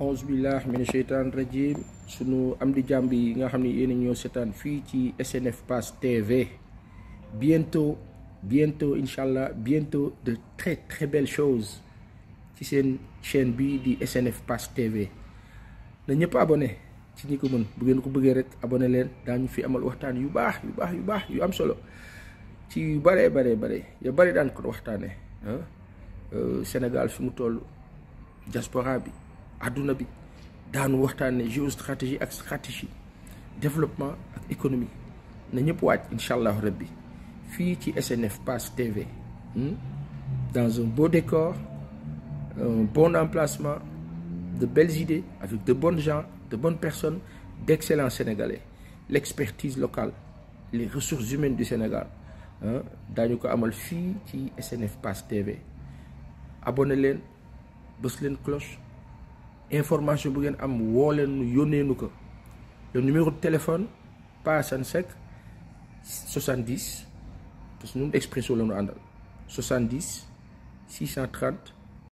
auzu billah min shaitan rajim sunu am di jàmb nga xamni yene ñoo setan fi ci SNF Pass TV bientôt bientôt inshallah bientôt de très très belles choses ci sen chaîne bi di SNF Pass TV na ñepp abonné ci ñi ko mën bu gene ko bëggee rek abonné leen dañu fi amal waxtaan yu baax yu baax yu baax yu am solo ci yu bare bare bare ya bare dañ ko ah. euh Sénégal fi mu tollu diaspora bi àdduna bi daanu waxtane géostratégie ak stratégie développement économique. économie na ñëpp waaj inshallah rabi rabbi ci SNF Pass TV hmm? dans un beau décor un bon emplacement de belles idées avec de bonnes gens de bonnes personnes d'excellents Sénégalais l'expertise locale les ressources humaines du Sénégal hein? dañu ko amal fi ci SNF Pass TV Abonnez-vous, bosse leen cloche information bu ngeen am woo leen nu yónnee nu ko le numéro de téléphone Pa Assane Seck 70 parce que ñun expresso la ñu àndal 70 630.